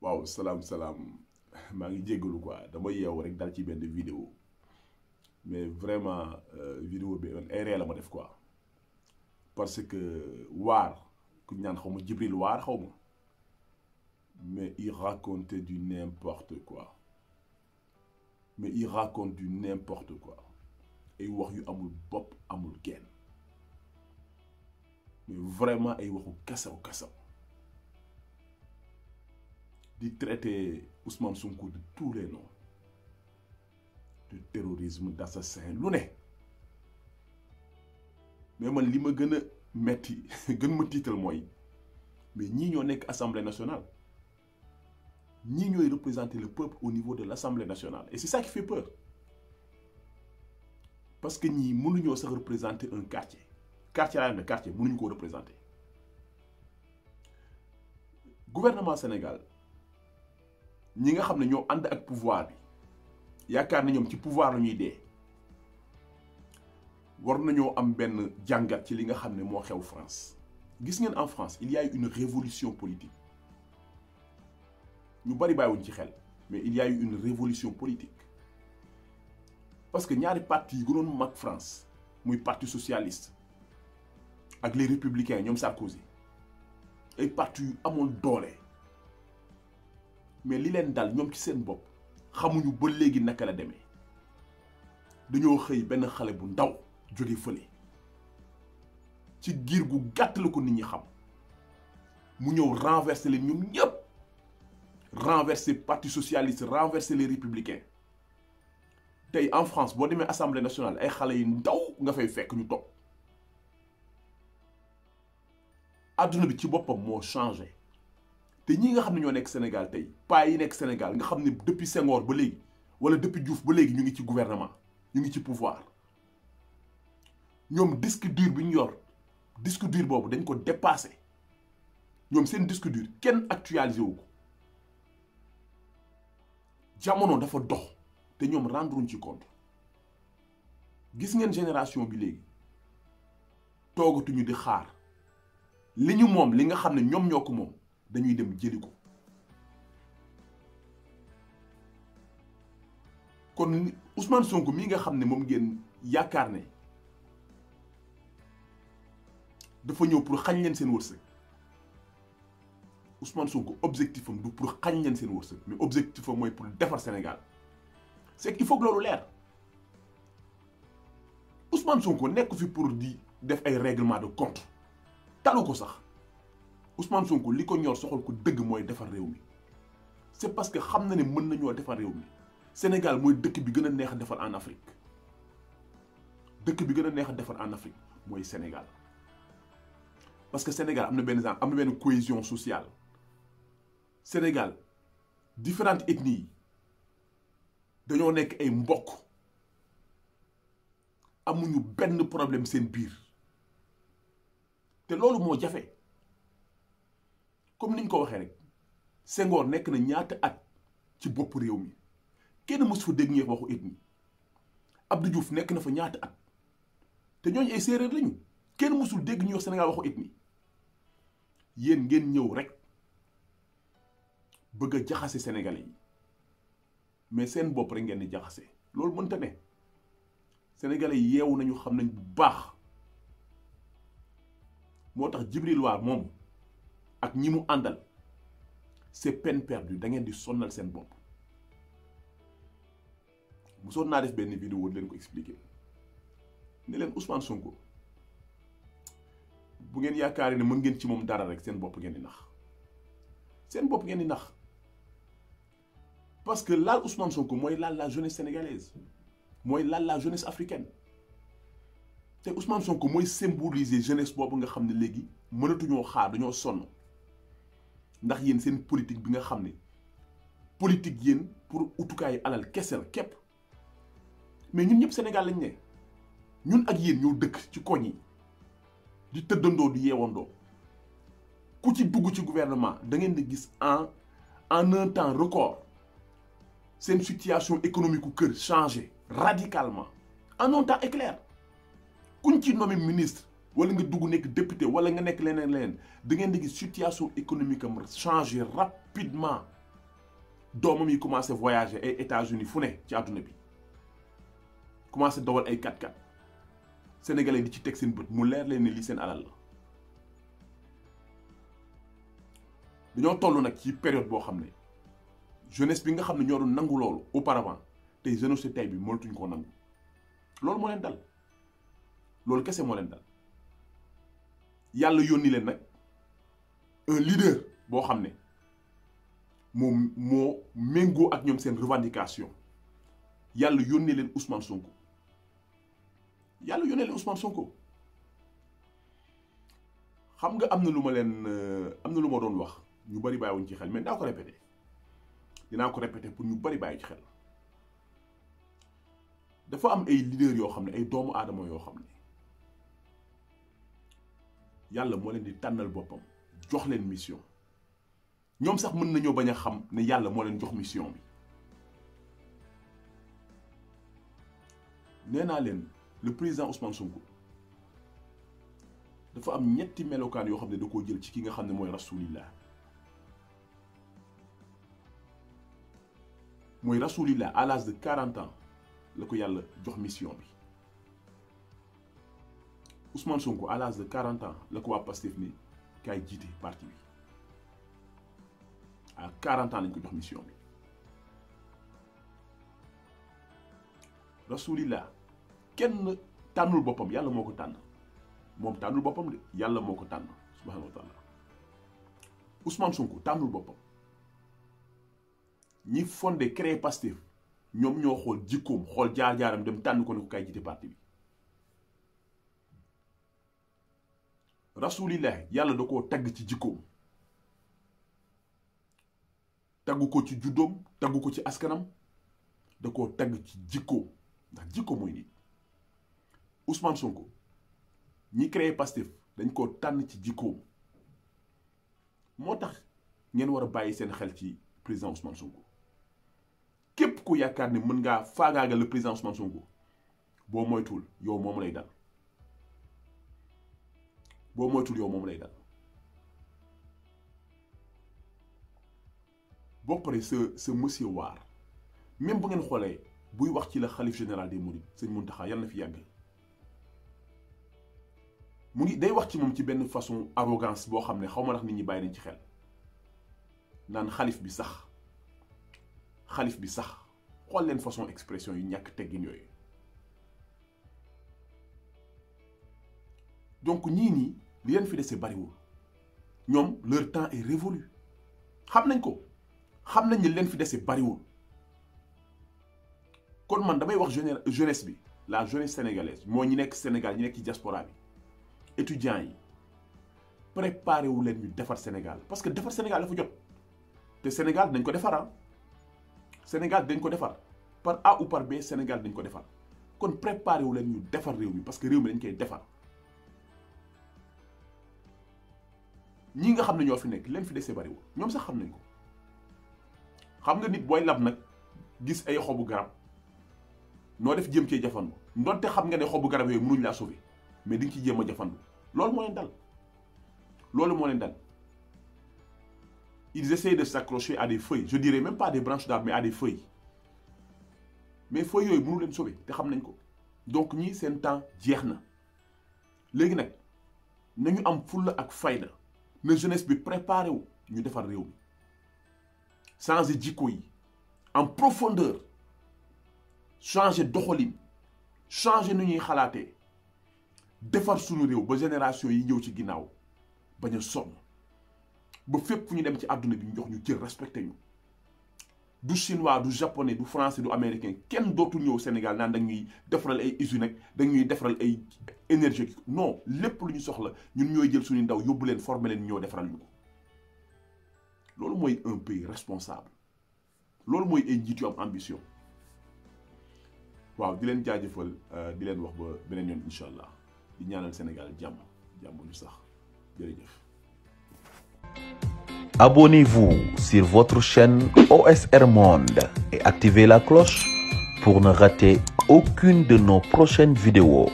waaw salaam salaam maa ngi jéggalu quoi dama yeewu rek daal ci benn vidéo mais vraiment euh, vidéo bi ay ree la ma def quoi parce que waar ku ñaan xaw ma Jibril waar xaw ma mais il racontait du n'importe quoi mais il du n'importe quoi ay wax yu amul bopp amul genn mais vraiment ay waxu kasaw kasaw di traité Ousmane Sonko de tous les noms de terrorisme d'assassin lu ne mais man li ma gën a metti gën ma tiital mooy mais ñii ñoo nekk assemblée nationale ñii ñooy représenter le peuple au niveau de l'assemblée nationale et c'est ça qui fait peur parce que ñii mënuñoo sax représenter un quartier quartier laa ne quartier mënuñu ko représenter gouvernement Sénégal ñi nga xam ne ñoo ànd ak pouvoir bi yaakaar na ñoom ci pouvoir la ñuy dee war nañoo am benn jàngat ci li nga xam ne moo xew France gis ngeen en France il y a une révolution politique ñu bari bàyyiwuñ ci xel mais il y a une révolution politique parce que ñaari parti yi gënoon mag France muy parti socialiste ak les républicains ñoom Sarkozy ay parti yu amoon doole mais li leen dal ñoom ci seen bopp xamuñu ba léegi naka la demee dañoo xëy benn xale bu ndaw jóge fële ci giir gu gàtt la ko nit ñi xam mu ñëw renverser leen ñoom ñëpp renverser parti socialiste renverser les républicains tey en France boo demee assemblée nationale ay xale yu ndaw nga fay fekk ñu toog adduna bi ci boppam moo changé. te ñii nga xam ne ñoo nekk Sénégal tey paa yi nekk Sénégal nga xam ne depuis Senghor ba léegi wala depuis Diouf ba léegi ñu ngi ci gouvernement ñu ngi ci pouvoir ñoom disque dur bi ñu yor disque dur boobu dañ ko dépassé ñoom seen disque dur kenn actualisé wu ko jamono dafa dox te ñoom rendruñ ci compte gis ngeen génération bi léegi toogatuñu di xaar li ñu moom li nga xam ne ñoom ñoo ko moom. dañuy dem jëli ko kon usman Sonko mii nga xam ne moom ngeen yaakaar ne dafa ñëw pour xañ leen seen wërsëg usman Sonko objectif am du pour xañ leen seen wërsëg mais objectif am mooy pour defar Sénégal c'est qu'il faut loolu leer usman Sonko nekk fi pour di def ay règlement de compte talu ko sax. Ousmane Sonko li ko ñor soxal ko dëgg mooy defar réew mi c'est parce que xam na ni mën nañoo defar réew mi Sénégal mooy dëkk bi gën a neex a defar en Afrique dëkk bi gën a neex a defar en Afrique mooy Sénégal parce que Sénégal am na benn genre am na benn cohésion sociale Sénégal différentes ethnies yi dañoo nekk ay mbokk amuñu benn problème seen biir te loolu moo jafe. comme niñ ko waxee rek Senghor nekk na ñaata at ci bopp réew mi kenn mos fa dégg ñuy waxu ethnie Abdou Diouf nekk na fa ñaata at te ñooñ ay séeréer lañu kenn mosul dégg ñuy wax Sénégal waxu yéen ngeen ñëw rek bëgg a jaxase sénégalais yi mais seen bopp rek ngeen di jaxase loolu mënta ne sénégalais yeewu nañu xam nañ bu baax moo tax Djibril War moom. ak ñi mu àndal c'est penn perdue da ngeen di sonnal seen bopp bu mosoon naa def benn vidéo di leen ko expliquer ne leen Ousmane Sonko bu ngeen yaakaaree ne mën ngeen ci moom dara rek seen bopp ngeen di nax seen bopp ngeen di nax parce que laal Ousmane Sonko mooy laal la jeunesse sénégalaise mooy laal la jeunesse africaine te Ousmane Sonko mooy symboliser jeunesse boobu nga xam ne léegi mënatuñoo xaar dañoo sonn. ndax yéen seen politique bi nga xam ni politique yéen pour utukaayu alal kese képp mais ñun ñëpp Sénégal lañ ne ñun ak yéen ñoo dëkk ci koñ yi di tëddandoo du yeewandoo ku ci dugg ci gouvernement da ngeen di gis en en un temps record seen situation économique ku kër changé radicalement en un temps éclair kuñ ci nommé ministre. wala nga dugg nekk député wala nga nekk leneen leneen da ngeen di gis situation économique am changé rapidement doomam yi commencé voyager ay États-Unis fu ne ci àdduna bi commencé dawal ay 4x4 di ci teg seen bët mu leer leen ni lii seen alal la dañoo toll nag ci période boo xam ne jeunesse bi nga xam ne ñoo doon nangu loolu auparavant tey jeunesse tey bi mënatuñ koo nangu loolu moo leen dal loolu kese moo leen dal. yàlla yónni leen nag un leader boo xam ne moom moo méngoo ak ñoom seen revendication yàlla yónnee leen Ousmane Sonko yàlla yónnee leen Ousmane Sonko xam nga am na lu ma leen euh, am na lu ma doon wax ñu bari bàyyiwuñ ci xel mais daa ko répété dinaa ko répété pour ñu bari bàyyi ci xel dafa am ay leader yoo xam ne ay doomu aadama yoo xam ne. yàlla moo leen di tànnal boppam jox leen mission ñoom sax mën nañoo bañ a xam ne yàlla moo leen jox mission bi nee naa leen le président Ousmane Sonko dafa am ñetti melokaan yoo xam ne da koo jël ci ki nga xam ne mooy rasulillah mooy rasulillah à l'âge de 40 ans la ko yàlla jox mission bi Ousmane Sonko à l'âge de la ko waa Pastef ni kaay jiite parti bi à 40 lañ ko mission bi rasulillah kenn tànnul boppam yàlla moo ko tànn moom tànnul boppam de yàlla moo ko tànn subhanahu wa taala Ousmane Sonko tànnul boppam ñi fondé créé Pastef ñoom ñoo xool jikkoom xool jaar-jaaram dem tànn ko ne ko kaay jiite parti bi rasulillahi yàlla da koo tagg ci jikkoom tagg ko ci juddoom tagg ko ci askanam da koo tagg ci jikkoom ndax jikko mooy nit Ousmane Sonko ñi créé Pastef dañ koo tànn ci jikkoom moo tax ngeen war a bàyyi seen xel ci président Ousmane Sonko képp ku yaakaar ni mën ngaa faagaagal le président Ousmane Sonko boo moytuwul yow moom lay dal. boo moytul yow moom lay dal boo paree sa sa monsieur Waar même bu ngeen xoolee buy wax ci la xalif général des Mourides sëñ Mountakha yàlla na fi yàgg mu ngi day wax ci moom ci benn façon arrogance boo xam ne xaw ma ndax nit ñi bàyyi nañ ci xel naan xalif bi sax xalif bi sax xool leen façon expression yu ñàkk teggin yooyu donc ñii nii li leen fi dese bariwul ñoom leur temps est révolu xam nañ ko xam nañ ni leen fi dese bariwul kon man damay wax jeunesse bi la jeunesse sénégalaise moo ñi nekk Sénégal ñi nekk ci diaspora bi étudiants yi préparé wu leen ñu defar Sénégal parce que defar Sénégal dafa jot te Sénégal dañ ko defar ah. Sénégal dañ ko defar par A ou par B Sénégal dañ ko defar kon préparé wu ñu defar réew mi parce que réew mi dañ koy defar. ñii nga xam ne ñoo fi nekk leen fi dese bariwul ñoom sax xam nañ ko xam nga nit booy lab nag gis ay xobu garab noo def jëm cee jafandu ndonte xam nga ne xobu garab yooyu mënuñ laa sauver mais di nga ci jéem a jafandu loolu moo leen dal loolu moo leen dal ils essaient de s'accrocher à des feuilles je dirais même pas des branches d'arbre mais à yooyu mënu leen te xam nañ ko donc ñii seen temps jeex na léegi nag nañu am fulla ak fayda na jeunesse bi préparé wu ñu defar réew mi changer jikko yi en profondeur changer doxalin changer nu ñuy xalaatee defar sunu réew ba génération yi ñëw ci ginnaaw bañ a sonn ba fépp fu ñu dem ci àdduna bi ñu jox ñu cër respecté ñu. du chinois du japonais du français du américain kenn dootu ñëw Sénégal naan ñuy defaral ay usines ak dañuy defaral ay énergie non lépp lu ñu soxla ñu ñun ñooy jël suñu ndaw yóbbu leen former leen ñoo defaral ñu ko loolu mooy un pays responsable loolu mooy ay njiit yu am ambition waaw di leen jaajëfal euh, di leen wax ba beneen yoon incha allah di ñaanal Sénégal jàmm jàmm ñu sax jërëjëf. Abonnez-vous sur votre chaîne OSR Monde et activez la cloche pour ne rater aucune de nos prochaines vidéos.